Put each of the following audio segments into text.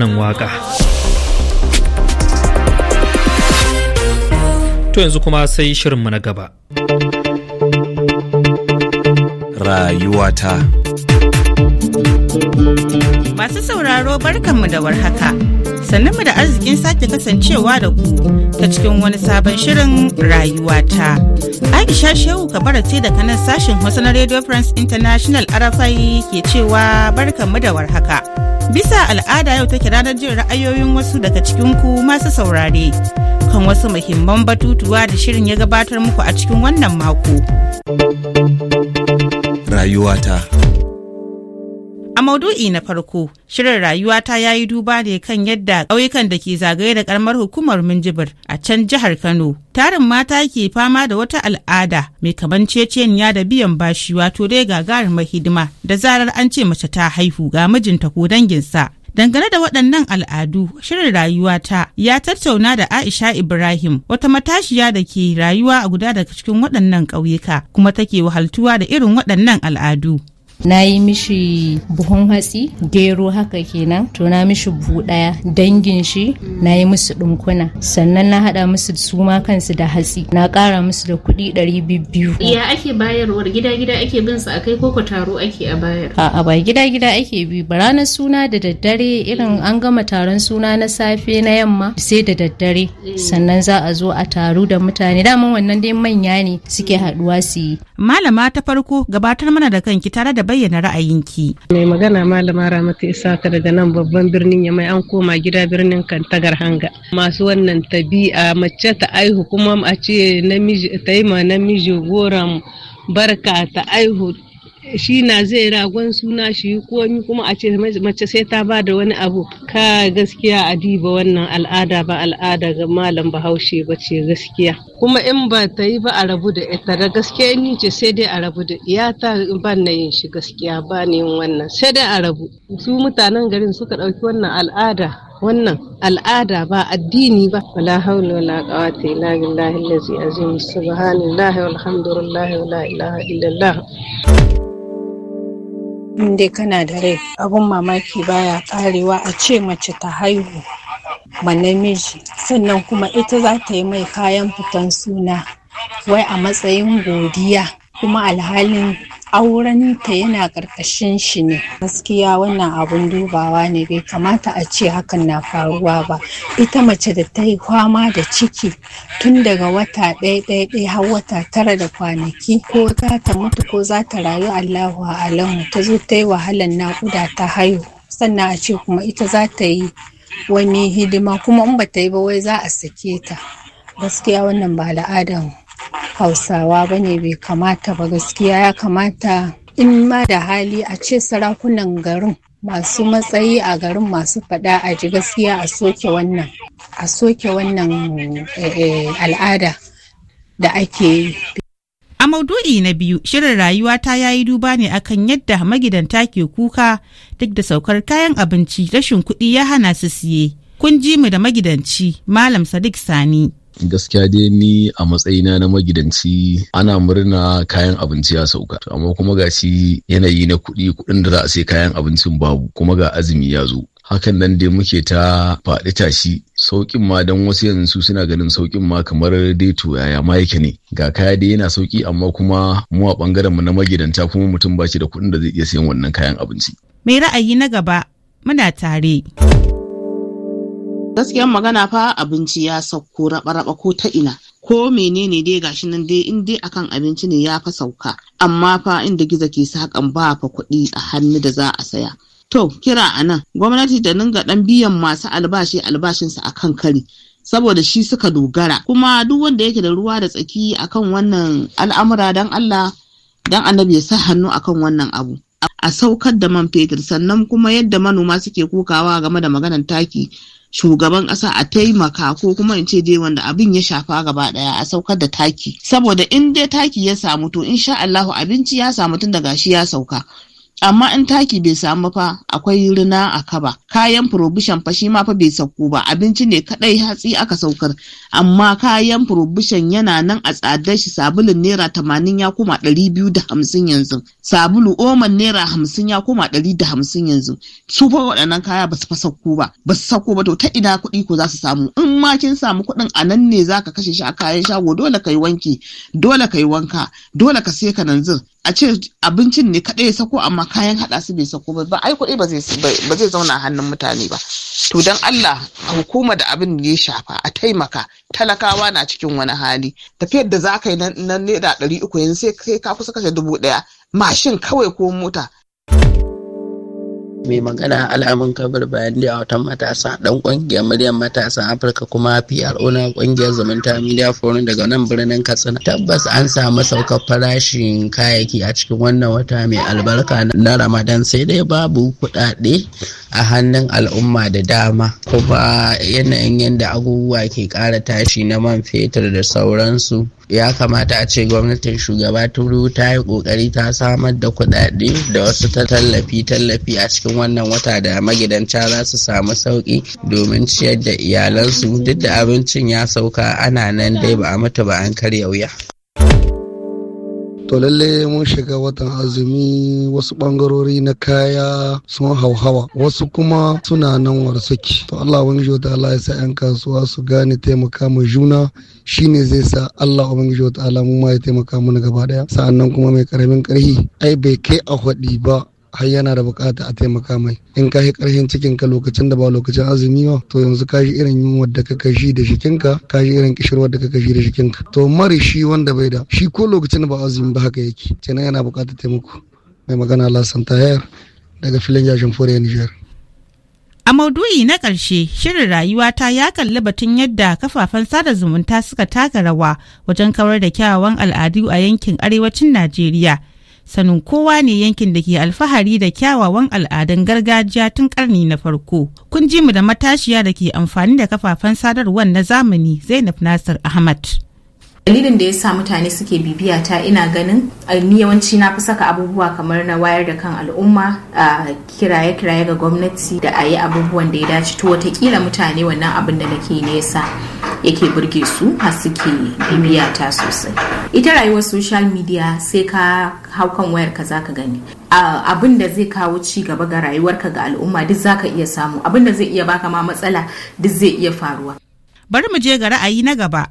nan waka. To yanzu kuma sai shirinmu na gaba. Rayuwata Masu sauraro barkanmu da warhaka, sannanmu da arzikin sake kasancewa da ku ta cikin wani sabon shirin rayuwata. Aisha Shehu Kabara ce daga nan sashen Hausa na Radio France International Arafai ke cewa barkanmu da warhaka. Bisa al'ada yau take ranar jin ra'ayoyin wasu daga cikin ku masu saurare kan wasu muhimman batutuwa da shirin ya gabatar muku a cikin wannan mako. Rayuwata A maudu'i na farko, shirin rayuwata ya yi duba ne kan yadda ƙauyukan da ke zagaye da ƙaramar hukumar Minjibir a can jihar Kano. Tarin mata ke fama da wata al'ada mai kamanceceniya da biyan bashi wato dai gagarumar hidima da zarar an ce mace ta haihu ga mijinta ko danginsa. Dangane da waɗannan al'adu, shirin rayuwata ya tattauna da Aisha Ibrahim, wata matashiya da ke rayuwa a guda daga cikin waɗannan ƙauyuka, kuma take wahaltuwa da irin waɗannan al'adu. na yi mishi buhun hatsi gero haka kenan to na mishi buhu daya dangin shi na yi musu dunkuna sannan na hada musu su ma kansu da hatsi na kara musu da kuɗi ɗari biyu ya ake bayarwar gida gida ake bin su akai ko ko taro ake a bayar a ba gida gida ake bi ba ranar suna da daddare irin an gama taron suna na safe na yamma sai da daddare eh. sannan za a zo a taru da mutane daman wannan dai manya ne suke haduwa su yi Malama ta farko gabatar mana da kanki tare da bayyana ra'ayinki. Mai magana Malama Ramatu Isaka daga nan babban birnin ya Yamai an koma gida birnin Kantagar Hanga. Masu wannan tabi'a mace ta aihu kuma a ce ta yi ma namiji goron barka ta aihu shi na zai ragon suna shi komi kuma a ce mace sai ta ba da wani abu ka gaskiya a diba wannan al'ada ba al'ada ga malam bahaushe ba ce gaskiya kuma in ba ta yi ba a rabu da ita da gaskiya ni ce sai dai a rabu da ya ta ba na yin shi gaskiya ba ne yin wannan sai dai a rabu su mutanen garin suka ɗauki wannan al'ada wannan al'ada ba addini ba wala haula wala quwwata illa billahi allazi azim subhanallahi walhamdulillahi wala ilaha illallah in dai kana da rai abun mamaki baya karewa a ce mace ta haihu ma namiji sannan kuma ita za ta yi mai kayan fitan suna wai a matsayin godiya kuma alhalin aurenta yana ƙarƙashin shi ne gaskiya wannan abun dubawa ne bai kamata a ce hakan na faruwa ba ita mace da ta yi kwama da ciki tun daga wata ɗaya ɗaya ɗaya har wata tara da kwanaki ko za ta mutu ko za ta rayu allahu alamu ta zo ta yi wahalan naƙuda ta haihu sannan a ce kuma ita za ta yi wani hidima kuma in ba ta yi ba wai za a sake ta gaskiya wannan ba al'adan hausawa bane bai kamata ba gaskiya ya kamata in ma da hali a ce sarakunan garin masu matsayi a garin masu fada a ji gaskiya a soke wannan a soke wannan eh, eh, al'ada da ake yi A maudu'i na biyu, shirin rayuwa ta yayi duba ne akan yadda magidanta ke kuka duk da saukar kayan abinci rashin kuɗi ya hana su siye. Kun ji mu da magidanci Malam Sadiq Sani. gaskiya dai ni a matsayina na magidanci ana murna kayan abinci ya sauka amma kuma ga shi yanayi na kuɗi kuɗin da za a sai kayan abincin babu kuma ga azumi ya zo hakan nan dai muke ta faɗi tashi sauƙin ma don wasu yanzu suna ganin sauƙin ma kamar dai to yaya ma yake ne ga kaya dai yana sauƙi amma kuma mu a ɓangaren mu na magidanta kuma mutum ba shi da kuɗin da zai iya sayan wannan kayan abinci. mai ra'ayi na gaba muna tare. gaskiyar magana fa abinci ya sauko raba-raba ko ta ina ko menene dai gashi nan dai in dai akan abinci ne ya fa sauka amma fa inda gizo ke sakan ba fa kuɗi a hannu da za a saya to kira anan, gwamnati da ninga ɗan biyan masu albashi albashinsa akan kari saboda shi suka dogara kuma duk wanda yake da ruwa da tsaki akan wannan al'amura dan Allah dan annabi ya sa hannu akan wannan abu a saukar da man fetur sannan kuma yadda manoma suke kokawa game da maganar taki shugaban ƙasa a taimaka ko kuma in ce dai wanda abin ya shafa gaba ɗaya a saukar da taki saboda in dai taki ya samu to insha Allahu abinci ya samu tun daga shi ya sauka amma in taki bai samu fa akwai rina a kaba kayan furubushan fa shi ma fa bai sauko ba abinci ne kadai hatsi aka saukar amma kayan furubushan yana nan a tsadar shi sabulun naira tamanin ya koma ɗari biyu da hamsin yanzu sabulu oman naira hamsin ya koma ɗari da hamsin yanzu su fa waɗannan kaya ba su fa sauko ba ba su sauko ba to ta ina kuɗi ko za su samu in ma kin samu kuɗin a nan ne za ka kashe shi a kayan shago dole ka yi wanki dole ka yi wanka dole ka sai kananzir a ce abincin ne kaɗai ya sako amma kayan haɗa su bai sako ba ai kuɗi ba zai zauna hannun mutane ba to don Allah hukuma da abin da ya shafa a taimaka talakawa na cikin wani hali tafiyar da za ka yi na naira ɗari uku yanzu sai ka kusa kashe dubu ɗaya mashin kawai ko mota mai magana al'amun kabar bayan da watan matasa dan kungiyar muryar matasan afirka kuma pro na kungiyar zumunta media forum daga nan birnin katsina tabbas an samu saukar farashin kayayyaki a cikin wannan wata mai albarka na ramadan sai dai babu kuɗaɗe a hannun al'umma da dama kuma yanayin yadda abubuwa ke ƙara tashi na man fetur da sauransu ya kamata a ce gwamnatin shugaba turu ta yi kokari ta samar da kuɗaɗe da wasu ta tallafi tallafi a cikin wannan wata da magidanta za su samu sauki domin ciyar da iyalansu duk da abincin ya sauka ana nan dai ba a mutu ba an karya wuya to lalle mun shiga watan azumi wasu bangarori na kaya sun hauhawa wasu kuma suna nan warsuki to Allah ubangiji wata Allah ya sa yan kasuwa su gane taimaka mu juna shine zai sa Allah jiwa ta Allah mu ma ya taimaka mu gaba daya sa'annan kuma mai karamin karhi ai bai kai a hudi ba har yana da bukata a taimaka mai in ka yi karhin cikin ka lokacin da ba lokacin azumi ba to yanzu ka shi irin yunwa da ka kashi da shikin ka shi irin kishirwa da ka kashi da ka to mari shi wanda bai da shi ko lokacin da ba azumi ba haka yake kenan yana bukata taimako mai magana Allah Santayar daga filin yashin fure Niger A maudu'i na ƙarshe, shirin rayuwata ya kalli batun yadda kafafen sada zumunta suka taka rawa wajen kawar da kyawawan al'adu a yankin arewacin Najeriya. sanin kowa ne yankin da ke alfahari da kyawawan al'adun gargajiya tun karni na farko. Kun ji mu da matashiya da ke amfani da kafafen sadarwar na zamani Zainab Nasir Ahmad. dalilin da ya sa mutane suke bibiya ta ina ganin ni yawanci na fi saka abubuwa kamar na wayar da kan al'umma a kiraye-kiraye ga gwamnati da a yi abubuwan da ya dace to watakila mutane wannan abin da nake nesa yake burge su har suke bibiya ta sosai ita rayuwar social media sai ka hau kan wayar ka zaka gani abin da zai kawo ci gaba ga rayuwarka ga al'umma duk zaka iya samu abin da zai iya baka ma matsala duk zai iya faruwa bari mu je ga ra'ayi na gaba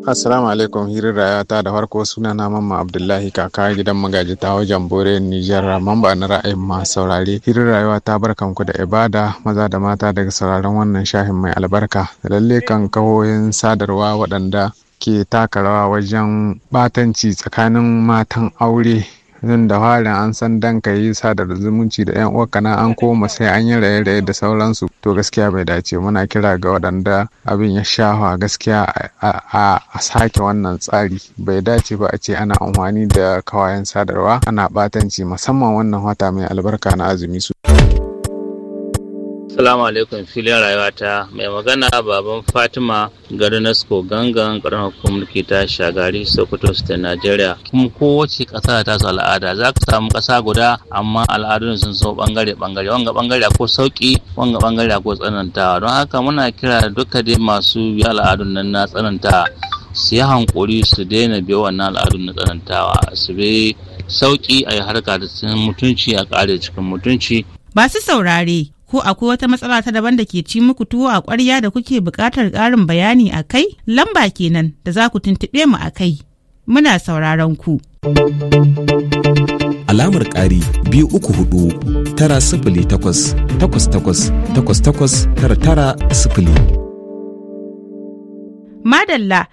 Assalamu alaikum hirin rayata da farko suna na mamma Abdullahi kaka gidan magaji ta wajen bore Nijar mamba na ra'ayin ma saurare hirin rayuwa ta barkan ku da ibada maza da mata daga sauraron wannan shahin mai albarka lalle kan kahoyin sadarwa waɗanda ke taka rawa wajen batanci tsakanin matan aure tun da farin an san dan ka yi sadar zumunci da yan uwanka na an koma sai an yi raye-raye da sauransu to gaskiya bai dace muna kira ga waɗanda abin ya shafa gaskiya a sake wannan tsari bai dace ba a ce ana amfani da kawayen sadarwa ana batanci musamman wannan wata mai albarka na azumi su Assalamu alaikum filin rayuwa ta mai magana baban Fatima garin Nasko gangan hukumar ke ta Shagari Sokoto State Najeriya. Kuma kowace ƙasa ta su al'ada za ka samu ƙasa guda amma al'adun sun so bangare bangare wanga bangare ko sauki wanga bangare ko tsanantawa don haka muna kira duka dai masu biya al'adun nan na tsanantawa su yi hankuri su daina biyo wannan al'adun na tsanantawa su bi sauki a yi harka da mutunci a ƙare cikin mutunci. Masu saurare ko akwai wata matsala ta daban da ke ci muku tuwo a ƙwarya da kuke buƙatar ƙarin bayani a kai lamba kenan da za ku tuntuɓe mu a kai muna sauraron ku. alamar ƙari biyu uku hudu tara sifili takwas takwas takwas takwas takwas tara tara sifili. Madalla.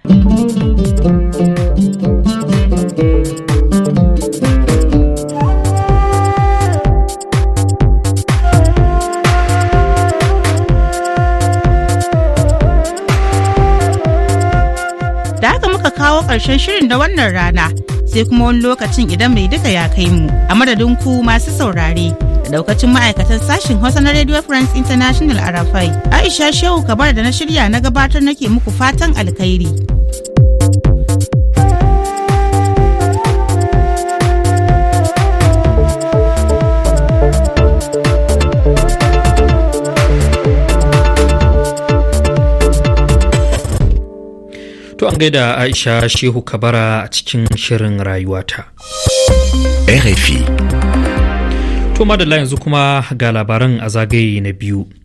ƙarshen shirin da wannan rana sai kuma wani lokacin idan mai duka ya kai mu a madadin ku masu saurare da daukacin ma'aikatan sashin hausa na radio france international arafai aisha shehu kabar da na shirya na gabatar nake muku fatan alkhairi gaida Aisha Shehu Kabara a cikin shirin rayuwata. RFI. Tuma da yanzu kuma ga labaran a zagaye na biyu.